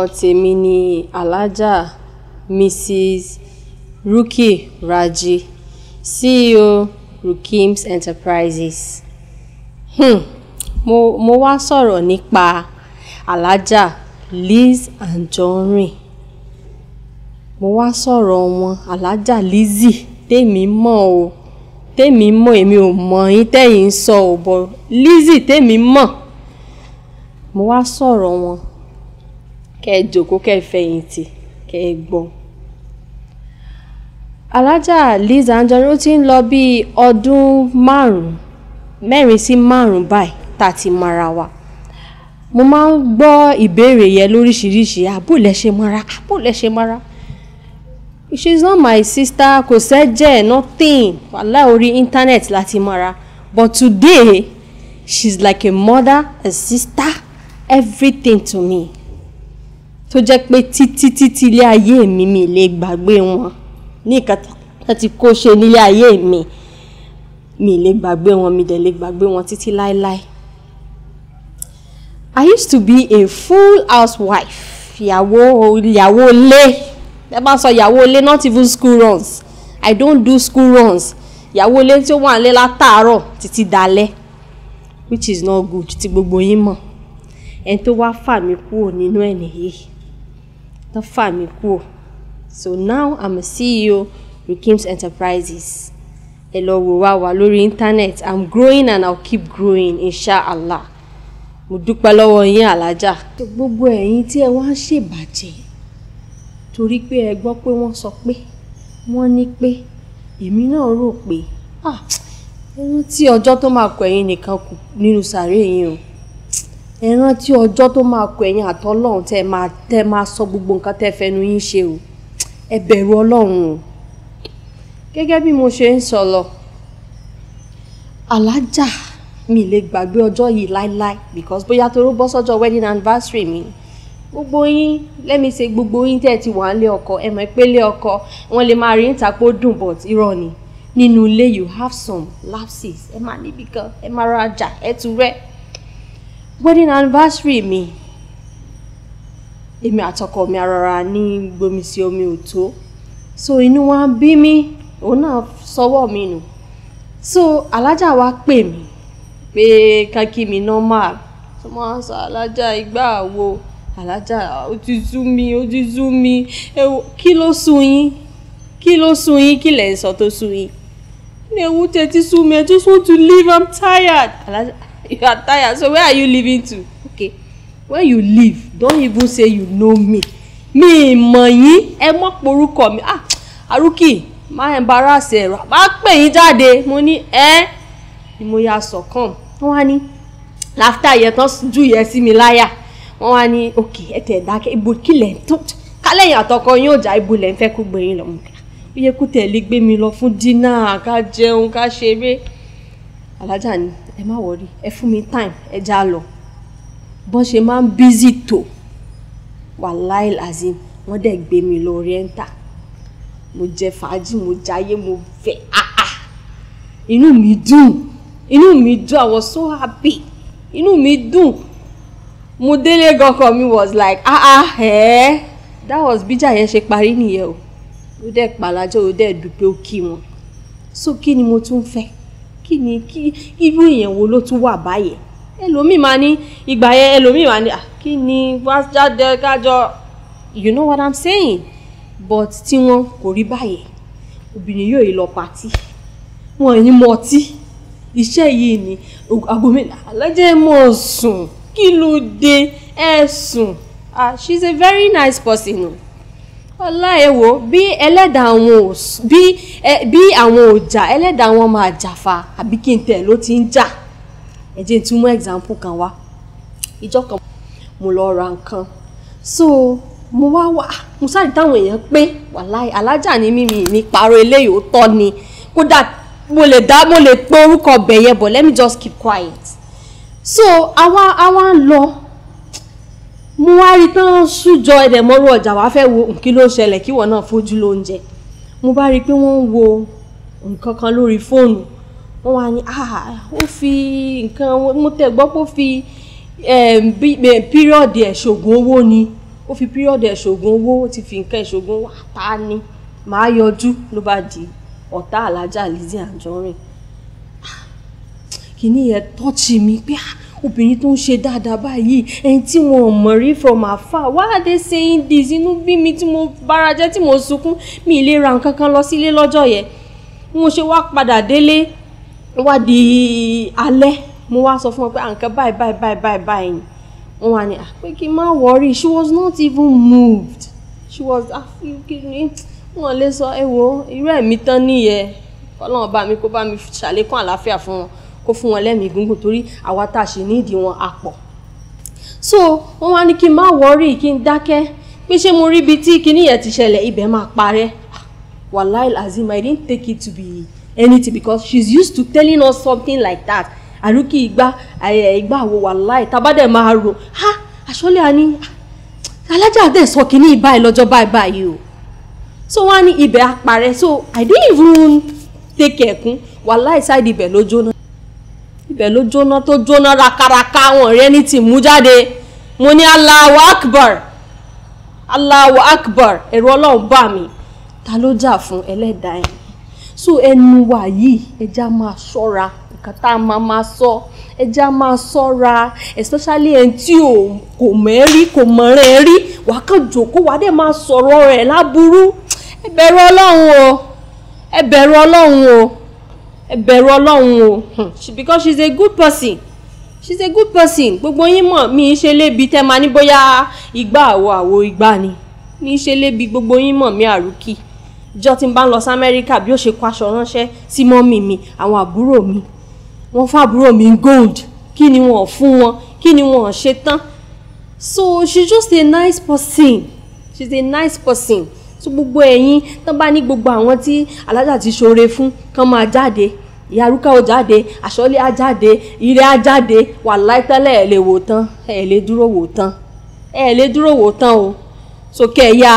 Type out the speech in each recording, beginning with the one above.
Orúkọ tèmi ni alaja, Mrs. Ruki Raji, CEO Rukims Enterprises. Hmm, mo, mo wá sọ̀rọ̀ nípa Alhaja Liz Anjorin. Mo wá sọ̀rọ̀ wọn alaja Lizzy tèmi mọ̀ o. Tèmi mọ̀ èmi ò mọ̀ yín tẹ́yìn ń sọ ò bọ̀. Lizzy tèmi mọ̀. Mo wá sọ̀rọ̀ wọn kẹ́ ẹ jòkó kẹ́ ẹ fẹ̀yìntì kẹ́ ẹ gbọ́. alájà Liz Anjorin ó ti ń lọ bíi ọdún márùn-ún mẹ́rin sí márùn-ún báyìí tá a ti mara wa mo máa ń gbọ́ ìbéèrè yẹn lóríṣiríṣi àbò ṣe mara àbò ṣe mara she not my sister kò sẹ́jẹ̀ nothing wàhálà orí íńtánẹ́ẹ̀tì láti mara but today she's like a mother a sister everything to me tó jẹ́ pé títí títí ilé ayé mi mi lè gbàgbé wọn ní nǹkan láti kó ṣe nílé ayé mi mi lè gbàgbé wọn mi dẹ̀ lè gbàgbé wọn títí láéláé. I used to be a full housewife ìyàwó ìyàwó ilé ẹ bá sọ ìyàwó ilé not even school runs I don't do school runs ìyàwó ilé tí ó wà nílé látàárọ̀ títí dalẹ́ which is not good tí gbogbo yín mọ̀ ẹni tó wá fà mí kúrò nínú ẹ̀ nìyí tán fà mí kúrò so now i'm a CEO Rikim's Enterprises ẹ lọ wò wá wá lórí internet i'm growing and i'll keep growing inshallah mo dúpẹ́ lọ́wọ́ yín alájà. gbogbo ẹ̀yin tí ẹ wá ń ṣèbàjẹ́ torí pé ẹ gbọ́ pé wọ́n sọ pé wọ́n ní pé èmi náà rò pé ah ẹ rántí ọjọ́ tó máa kọ ẹ̀yin nìkan kù nínú sàárè yín o ẹ rántí ọjọ́ tó máa kọ ẹ̀yin àtọ́lọ́run tẹ́ máa tẹ́ máa sọ gbogbo nǹkan tẹ́ fẹnu yín ṣe o ẹ bẹ̀rù ọlọ́run o gẹ́gẹ́ bí mo ṣe ń sọ lọ alájà mi lè gbàgbé ọjọ́ yìí láíláí because bóyá toró bọ́ sọ́jọ́ wedding anniversary mi gbogbo yín lẹ́mi ṣe gbogbo yín tẹ́ ẹ ti wà nílé ọkọ ẹ mọ̀ pé lé ọkọ wọn lè máa rí níta pé dùn but irọ́ ni nínú ilé you have some lapses ẹ máa níbi kan ẹ máa rajà ẹ tún rẹ́ wedding anniversary mi èmi àtọkọ mi arọra ní gbomi sí omi ò tó so inú wa bí mi òun náà sọwọ́ mi nù so alájà wa pè mí pé kákí mi normal tó máa ń sọ alájà ìgbà wo alájà ó ti sú mi ó ti sú mi ẹ wò kí ló sú yín kí ló sú yín kí lẹ̀ sọ tó sú yín ní ewu tẹ ti sú mi ẹ just want to leave i'm tired alájà you are tired so where are you living to okay when you leave don't even say you know me Me mọ̀ yín ẹ mọ̀ porúkọ mi ah Aruki má embarrass ẹ má pè yín jáde mo ní ẹ ni mo ya sọ̀kan wọ́n wá ní láfítà yẹn tán jù yẹn sí mi láyà wọ́n wá ní òkè ẹ tẹ̀ dákẹ́ ibo kílẹ̀ tó kálẹ̀yìn àtọkọ yín ò já ibo lẹ̀ ń fẹ́ kó gbẹ̀yìn lọ́mọ ah, ó yẹ kó tẹ̀lé gbé mi lọ fún dínà ká jẹun ká ṣeré alájà ni ẹ má wọrí ẹ fún mi time ẹ já lọ bọ́n ṣe máa ń bízì tó wàláì lazim wọ́n dẹ̀ gbé mi lọ rẹ́ńtà mo jẹ fàájì mo jayé mo fẹ́ àà ah, ah. inú mi dùn inú mi dùn I was so happy inú mi dùn mo délé gọkọ mi was like ah ah ẹ eh. that was bíjà yẹn ṣe parí nìyẹn o ó dẹ̀ pàlájọ́ ó dẹ̀ dùn ó kí wọn so kí ni mo tún fẹ́ kí ni kí irú èèyàn wo ló tún wà báyìí ẹlòmíì máa ní ìgbà yẹn ẹlòmíì máa ní ah, kí ni wá jáde kájọ you know what i'm saying but tí wọn kò rí báyìí obìnrin yóò yìí lọ pàtí wọn yìí mọ ọtí iṣẹ́ yìí ni agomina alájẹ́ mọ̀ sùn kí ló dé ẹ̀ sùn ah she's a very nice person No? ọláẹwò bí ẹlẹ́dàá àwọn ò bí bí àwọn ò ẹlẹ́dàá àwọn máa jàfa àbí kí n tẹ̀ ló ti ń jà ẹ jẹ́ n tún kan wá ìjọ kan mo lọ ra nǹkan so mo wá wá ah, mo sáré táwọn èèyàn pé wàláì alájà ni mímì ní parọ́ eléyìí ó tọ́ ni kódà mo lè dá mo lè pe orúkọ bẹ̀yẹ but let me just keep quiet so àwa àwa ń lọ mo wá rí tán ṣùjọ ẹ̀dẹ̀ mọ́rú ọjà wá fẹ́ wo kí ló ṣẹlẹ̀ kí wọ́n náà fojú lóúnjẹ mo bá rí i pé wọ́n ń wo nǹkan kan lórí fóònù wọ́n wá ní ah, ó fi nǹkan mo tẹ̀ gbọ́ pé ó fi ehm, píríọ̀dì ẹ̀ owó ni ó fi píríọ̀dì ẹ̀ owó ó ti fi nǹkan ẹ̀ ṣògùn ta ni màá yọjú ló bá di ọ̀tá alájà Lizzy Anjorin ah, kìíní yẹn tọ́ọ̀tì mi pé ah obìnrin tó ń ṣe dáadáa báyìí ẹni tí wọn ò mọ̀ rí from afar why are they inú bí mi tí mo bára jẹ́ tí mo sunkún mi ì lè ra nǹkan kan lọ sílé lọ́jọ́ yẹn mo ṣe wá padà délé wá di alẹ́ mo wá sọ fún wọn pé nǹkan báyìí báyìí báyìí báyìí báyìí wọn wà ní pé kí n má worry she was not even moved she was afikini ah, wọn lè sọ ẹ wo irú ẹ̀mí tán nìyẹn Ọlọ́run bá mi kó bá mi ṣàlékún àlàáfíà fún wọn kó fún wọn lẹ́mìí gúngùn torí àwa tá a ṣe nídìí wọn a pọ̀ so wọn wá ní kí n má wọrí kí n dákẹ́ pé ṣé mo rí ibi tí kinní yẹn ti ṣẹlẹ̀ ibẹ̀ máa parẹ́ wàláì azim i didn't take it to be anything because she's used to telling us something like that àrùkì ìgbà ìgbà wo wàláì tabadẹ máa rò ha àṣọlẹ̀ àní alájà dẹ̀ sọ kinní báyìí lọ́jọ́ báyìí báyìí o so wọn á ní ibẹ̀ àparẹ́ so i didn't even take ẹ̀kún wàláì side ibẹ̀ ló jóná ibẹ̀ ló jóná tó jóná rakaraka wọn rẹ ní ti mú jáde mo ní Allahu Akbar Allahu Akbar ẹ̀rù ọlọ́run bá mi ta ló jà fún ẹlẹ́dàá yẹn so ẹnu wa yìí ẹja máa ṣọ́ra nǹkan tá a máa máa sọ ẹja máa ṣọ́ra especially ẹni tí ò kò mẹ́rí kò mọ̀rẹ́ rí wàá kàn jòkó wàá dẹ̀ máa sọ̀rọ̀ rẹ̀ láburú ẹ bẹ̀rù ọlọ́run o ẹ bẹ̀rù ọlọ́run o bẹ̀rù ọlọ́run o hmm. because she's a good person she's a good person gbogbo yín mọ̀ mi ṣe lébi tẹ́ máa ní bóyá ìgbà àwo àwo ìgbà ni mi ṣe lébi gbogbo yín mọ̀ mi àrùkì jọ tí n bá ń lọ sí amẹ́ríkà bí ó ṣe kó aṣọ ránṣẹ́ sí mọ́mì mi àwọn àbúrò mi wọ́n fún àbúrò mi gold kí ni wọ́n fún wọn kí ni wọ́n ṣe tán so she's just a nice person she's a nice person so gbogbo ẹ̀yin tán bá ní gbogbo àwọn tí alájà ti ṣoore fún kán máa jáde ìyá arúgbó ò jáde àṣọlé á jáde ire á jáde wà láìtẹ́lẹ̀ ẹ̀ lè wò tán ẹ̀ lè dúró wò tán ẹ̀ lè dúró wò tán o sókè ẹ̀yà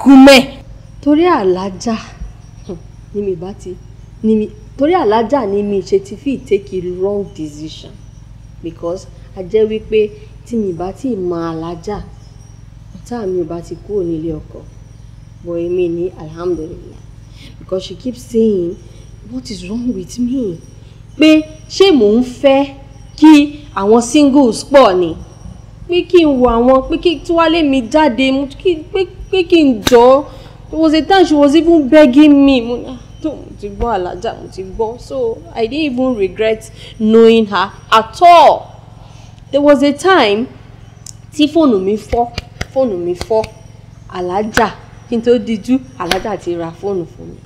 kúmẹ̀. torí alájà ni mi bá ti ni mi torí alájà ni mi ṣe ti fi take a wrong decision because a jẹ́ wípé tí mi bá ti mọ alájà ọ̀tá mi bá ti kúrò nílé ọkọ. But I alhamdulillah. Because she keeps saying, what is wrong with me? Pé ṣé mò ń fẹ́ kí àwọn singles pọ̀ ni? Pé ki n wo àwọn, pé kí tí wálé mi jáde, pé kí ki jọ. There was a time she was even begging me. Mo na ah, tó mo ti gbọ́ alaja mo ti gbọ́. So I didn't even regret knowing her at all. There was a time Ti phone mi fọ́, phone mi fọ́, alaja kí n tó dijú alájà ti ra fóònù fún mi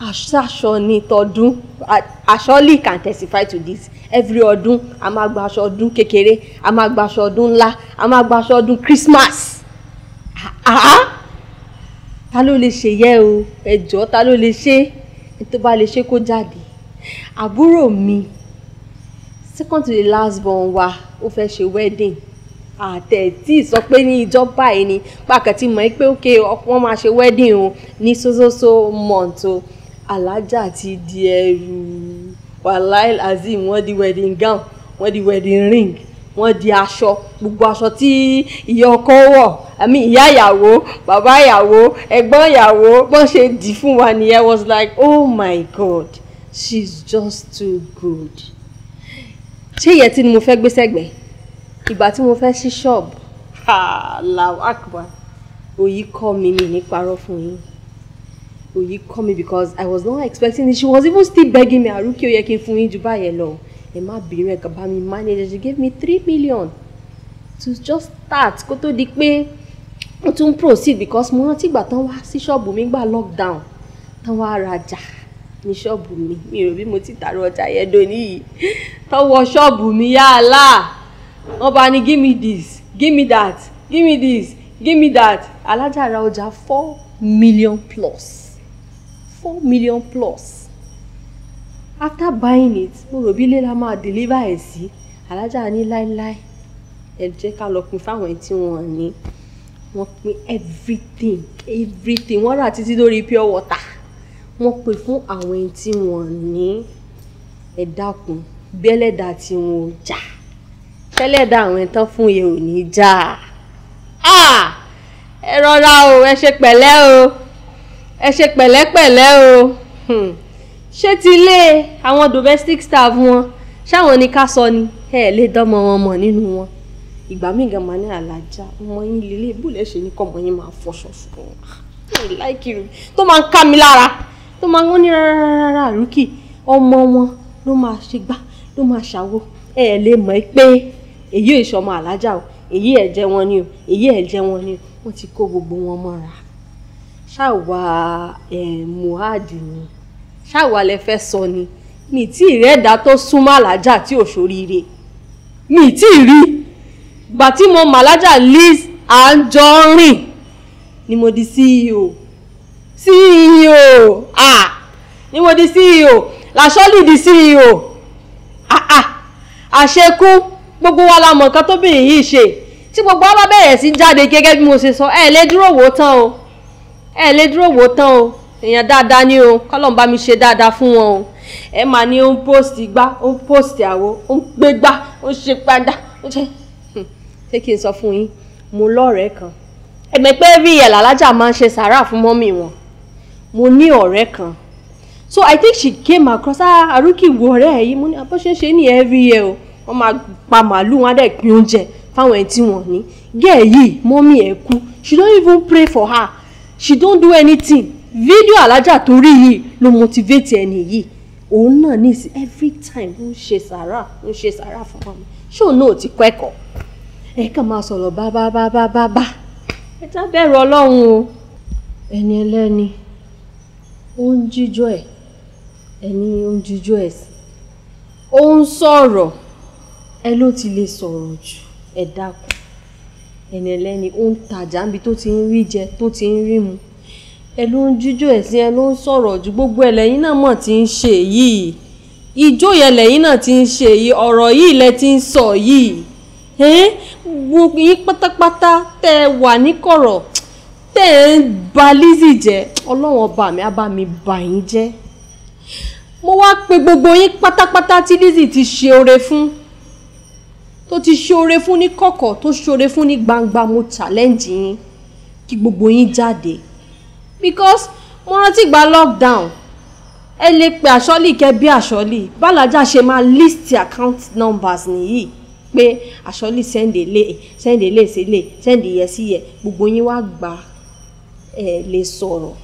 aṣọ ni tọdún aṣọ lè can testify to this every ọdún a máa gba aṣọ ọdún kékeré a máa gba aṣọ ọdún ńlá a máa gba aṣọ ọdún Christmas ta ló lè ṣe yẹ o ẹjọ ta ló lè ṣe tó bá lè ṣe kó jáde àbúrò mi second to the last born wa ó fẹ́ ṣe wedding àtẹ̀tí sọ pé ní ìjọ báyìí ni pàkàtí mọ̀ pé òkè wọ́n máa ṣe wedding o ní sósósó mọ̀ǹtò alájà ti di ẹrù wàláì azeem wọ́n di wedding gown wọ́n di wedding ring wọ́n di aṣọ gbogbo aṣọ tí ìyá ọkọ wọ̀ àmì ìyá ìyàwó bàbá ìyàwó ẹ̀gbọ́n ìyàwó bọ́n ṣe dì fún wa nìyẹn was like oh my god she's just too good ṣé ìyẹn tí ni mo fẹ́ gbé sẹ́gbẹ̀ẹ́ ìgbà tí mo fẹ́ sí ṣọ́ọ̀bù Allahu Akbar òyì kọ́ mi mi ní parọ́ fún yín òyì kọ́ mi because I was not expecting this. she was even still begging me "Aruki o yẹ kí n fún yín ju báyẹn lọ ẹ má bínú ẹ kàn bá mi manage she gave me three million to just start kó tó di pé mo tún proceed because mo rántí ìgbà tán wá sí ṣọ́ọ̀bù mi gba lockdown tán wá rajà ní ṣọ́ọ̀bù mi mi ò rò mo ti tààrọ̀ ọjà yẹn dòní yìí tán ṣọ́ọ̀bù mi yálà wọ́n give me this give me that give me this give me that Alaja, ra ọjà four million plus four million plus after buying it mo rò bí ilé la máa deliver ẹ̀ sí alájà ní láéláé ẹ jẹ́ ká lọ pín fáwọn tí wọ́n ní wọ́n pín everything everything wọ́n rà títí lórí pure water wọ́n pín fún àwọn tí wọ́n ní ẹ dákun bẹ́lẹ̀dà tí wọ́n jà. Ja tẹ́lẹ̀dá àwọn tán fún yẹn ò ní já ẹ rọra o ẹ ṣe pẹ̀lẹ́ o ẹ ṣe pẹ̀lẹ́pẹ̀lẹ́ o hmm. ṣé ti ilé àwọn domestic staff wọn ṣáwọn ni ká sọ ni ẹ lè dánmọ wọn mọ nínú wọn ìgbà míì gan máa ní ọmọ yín lè lè bùlẹ̀ ṣe ní kọ́mọ yín máa fọṣọ fún wọn láìkiri ah, tó máa ń ká mi lára tó máa ń wọ́n ní rárá rúkì ọmọ wọn ló máa ṣe gbá ló máa ṣàwo ẹ lè mọ̀ pé èyí ò sọmọ alájà o èyí ẹ̀ jẹ́ wọn ni o èyí ẹ̀ jẹ́ wọn ni o wọ́n ti kó gbogbo wọn mọ́ra ṣáwa Mohbad ni ṣáwa lẹ fẹ́ sọ ni mi tí ì rẹ́ẹ̀dá tó súnmọ́ alájà tí ò ṣoríire mi tí ì rí gbà tí mo mọ̀ alájà Liz Anjorin ni mo di CEO CEO ah ni mo di CEO làṣọ́lì di CEO ah ah àṣekú gbogbo wa la mọ̀ nǹkan tóbìnrin yìí ṣe tí gbogbo wa bá bẹ̀rẹ̀ sí jáde gẹ́gẹ́ bí mo ṣe sọ ẹ lè dúró wò ó tán o ẹ lè dúró wò ó tán o èèyàn dáadáa ni o kọ́lọ́n bá mi ṣe dáadáa fún wọn o ẹ máa ní ó ń post gbá ó ń post àwo ó ń gbé gbá ó ń ṣe padà ó ṣe hmm. ṣé kí n sọ fún yín mo lọ́rẹ̀ẹ́ kan ẹgbẹ́ pé rí ẹ̀ làlájà máa ń ṣe sàárà fún mọ́mì wọn mo ní ọ̀rẹ́ kan so I think she came across ah Aruki wo ọ̀rẹ́ ẹ̀ yìí mo ní abọ́ ah, ṣe ń ṣe ní every year o wọ́n máa pa màálù wọn á dẹ̀ pín oúnjẹ fáwọn ẹni tí wọ́n ní gẹ́ẹ̀ yìí mọ́mí ẹ̀ kú she don't even pray for her she don't do anything Video alájà tó rí yìí ló motivate ẹni yìí òun náà ní sí every time ó ń ṣe sàrà ó ń ṣe sàrà fún ọmọ ṣé òun náà ti kọ́ ẹ̀kọ́ ẹ kàn máa sọ̀rọ̀ bábábábábá ẹ já bẹ̀rù ọlọ́run o ẹni ẹlẹ́ni ó ń jíjọ́ ẹ̀ ẹni ó ń jíjọ́ ẹ̀ sí ó ń sọ̀rọ̀ ẹ ló ti lè sọ̀rọ̀ jù ẹ dákun ẹni ẹlẹ́ni ó ń tajà níbi tó ti ń rí jẹ tó ti ń rí mu ẹ ló ń jíjó ẹ̀sìn ẹ ló ń sọ̀rọ̀ jù gbogbo ẹlẹ́yìn náà mọ̀ ti ń ṣe yìí ìjó yẹn lẹ́yìn náà ti ń ṣe yìí ọ̀rọ̀ yìí lẹ ti ń sọ yìí wo yín pátápátá tẹ́ ẹ wà níkọ̀rọ̀ tẹ́ ẹ ń ba Lizzy jẹ́ ọlọ́wọ́n bá mi á bá mi bà yín jẹ́ mo wá pe gbogbo yín pátápátá tí Lizzy ti ṣe oore fún tó ti ṣoore fún ní kọ̀kọ̀ tó ṣoore fún ní gbangba mo challenge yín kí gbogbo yín jáde because mo rántí gba lockdown ẹ lè pe àṣọ́lì kẹ́ bí àṣọ́lì bàlájà ṣe máa list account numbers nìyí pé àṣọ́lì sẹ́ǹdẹ̀ lè sẹ́ǹdẹ̀ lè sí lè sẹ́ǹdẹ̀ yẹ sí yẹ gbogbo yín wá gbà ẹ lè sọ̀rọ̀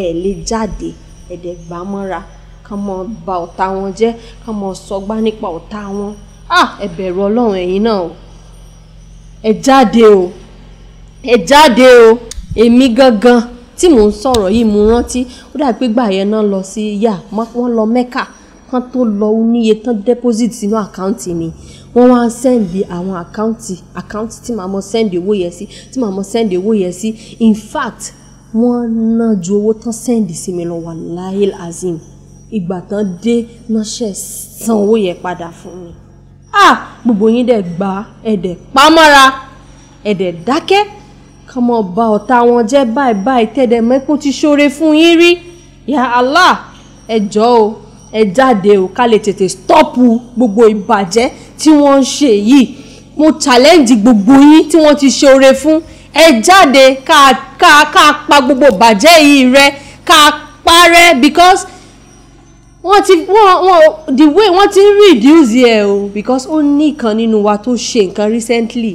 ẹ lè jáde ẹ̀dẹ̀ gbàmọ́ra ká mọ ba ọ̀tá wọn jẹ́ ká mọ sọgbá nípa ọ̀tá wọn. Ah, ẹ bẹ̀rù ọlọ́run ẹ̀yin náà o ẹ jáde o ẹ jáde o èmi gangan tí mò ń sọ̀rọ̀ yìí mo rántí ó dàbí pé gbà yẹn náà lọ sí yà wọ́n lọ mẹ́kà kan tó lọ níye tán deposit sínú àkáǹtì mi wọ́n wá sẹ́ndì àwọn àkáǹtì àkáǹtì tí màá mọ sẹ́ndì owó yẹn sí tí màá mọ sẹ́ndì owó yẹn sí in fact wọ́n ná ju owó tán sẹ́ndì sí mi lọ wà láyé azim ìgbà tán dé náà ṣe san owó yẹn padà fún mi ah gbogbo yín dẹ̀ gbà ẹ̀dẹ̀ pamọ́ra ẹ̀dẹ̀ dákẹ́ kọ́mọ ba ọ̀tá wọn jẹ́ báyìí báyìí tẹ̀dẹ̀ mẹ́kún ti ṣoore fún yín rí ya Allah ẹ jọ̀ọ́ o ẹ jáde o ká lè tètè stọ́pù gbogbo ìbàjẹ́ tí wọ́n ń ṣe yìí mo challenge gbogbo yín tí wọ́n ti ṣoore fún ẹ jáde ká ká ká pa gbogbo ìbàjẹ́ yìí rẹ́ ká parẹ́ because wọ́n ti wọ́n wọ́n the way wọ́n ti ń reduce ẹ̀ o because ó ní ìkan nínú wa tó ṣe nǹkan recently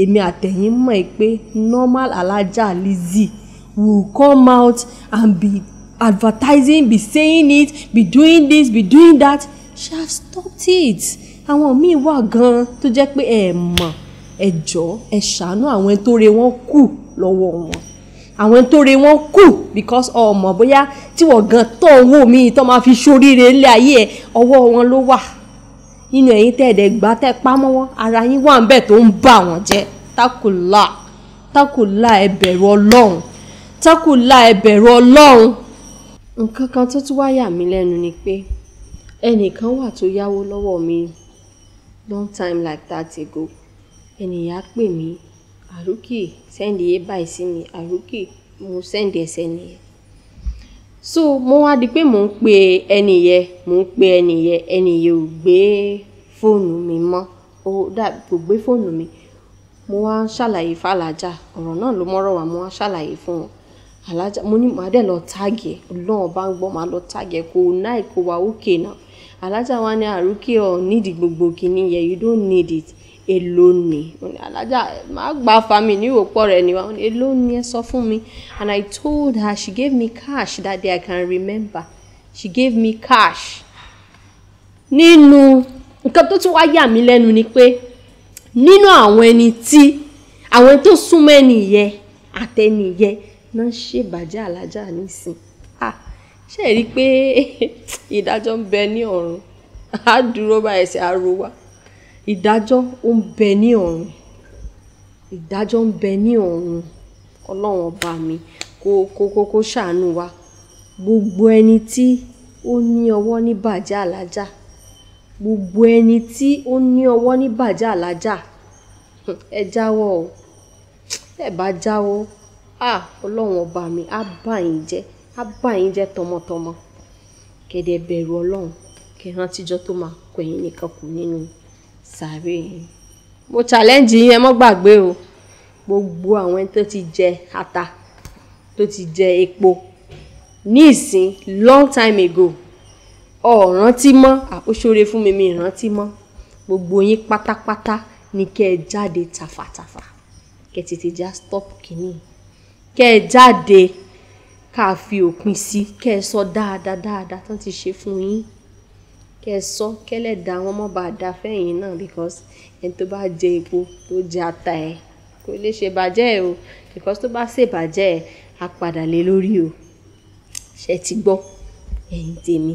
èmi àtẹ̀yìn mọ̀ ẹ́ pé normal alájà Lizzie will come out and be advertising be saying it be doing this be doing that she has stopped it àwọn míì wà gan-an tó jẹ́ pé ẹ̀ mọ̀ ẹ̀ jọ́ ẹ̀ ṣàánú àwọn ẹni tó re wọ́n kù lọ́wọ́ wọn àwọn tó re wọn kù because ọmọ bóyá tí wọ́n gan tọ́ owó mi tó máa fi ṣoríire ilé ayé ẹ̀ ọwọ́ wọn ló wà nínú ẹ̀yìn tẹ̀ẹ̀dẹ̀ gbá tẹ̀ pamọ́wọ́ ara yín wà ń bẹ̀ tó ń bà wọ́n jẹ́ takùlà takùlà ẹ bẹ̀rù ọlọ́run takùlà ẹ bẹ̀rù ọlọ́run. nǹkan kan tó tún wá yà mí lẹ́nu ni pé ẹnìkan wà tó yáwó lọ́wọ́ mi long time like that ago ẹnìyà pè mí Aruki send yé báyìí sí mi àrúkì mo sẹ́ndì ẹsẹ̀ nìyẹn so mo wá di pé mò ń pe ẹni yẹn mò ń pe ẹni yẹn ẹni yẹn ò gbé fóònù mi mọ́ ó dà kò gbé fóònù mi mo wá ṣàlàyé fàlàjà ọ̀rọ̀ náà ló mọ́rọ̀ wá mo wá ṣàlàyé fún wọn alájà mo ní màá dẹ̀ lọ táàgì ẹ̀ ọlọ́run bá ń gbọ́ màá lọ táàgì ẹ̀ kò náì kò wá òkè náà alájà wa ní àrùkè ọ̀ nídìí gbogbo kìíní yẹn you don't need it èló ni alájà máa gba fami ní òpó rẹ ni wọn èló ni ẹ sọ fún mi and I told her she gave me cash that day I can remember she gave me cash nínú nǹkan tó tún wá yà mí lẹ́nu ni pé nínú àwọn ẹni tí àwọn tó súnmọ́ ẹni yẹ àtẹni yẹ náà ṣèbàjẹ́ alájà nísìn ṣe rí i pé ìdájọ́ ń bẹ ní ọ̀run á dúró bá ẹsẹ̀ aró wa ìdájọ́ ó ń bẹ ní ọ̀run ìdájọ́ ń bẹ ní ọ̀run ọlọ́run ọba mi kó kó kó kó ṣàánú wa gbogbo ẹni tí ó ní ọwọ́ ní bàjẹ́ àlájà gbogbo ẹni tí ó ní ọwọ́ ní bàjẹ́ àlájà ẹ jáwọ́ o ẹ bá jáwọ́ a ọlọ́run ọba mi á bà yín jẹ́ á bà yín jẹ́ tọmọtọmọ kẹ̀dẹ̀ bẹ̀rù ọlọ́run kẹ̀ rántí tó máa kọ ẹ̀yìn nìkan kù nínú sàárè yìí mo challenge yín ẹ mọ́ gbàgbé o gbogbo àwọn ẹni tó ti jẹ ata tó ti jẹ epo ní ìsìn long time ago ọ̀rántí mọ́ àkóṣore fún mi mi ìrántí mọ́ gbogbo yín pátápátá ni kẹ́ ẹ jáde tàfàtàfà kẹ́ ẹ tètè já stop kìíní kẹ́ ẹ jáde ká fi òpin sí kẹ́ ẹ sọ dáadáa dáadáa tán ti ṣe fún yín kẹ́ ẹ sọ kẹ́lẹ̀ da wọ́n mọ́ bá da fẹ́yìn náà because ẹni tó bá jẹ epo tó jẹ ata ẹ kò lè ṣe bàjẹ́ ẹ o because tó bá ṣe bàjẹ́ ẹ á padà lé lórí o ṣe ti gbọ́ ẹ̀yin tèmi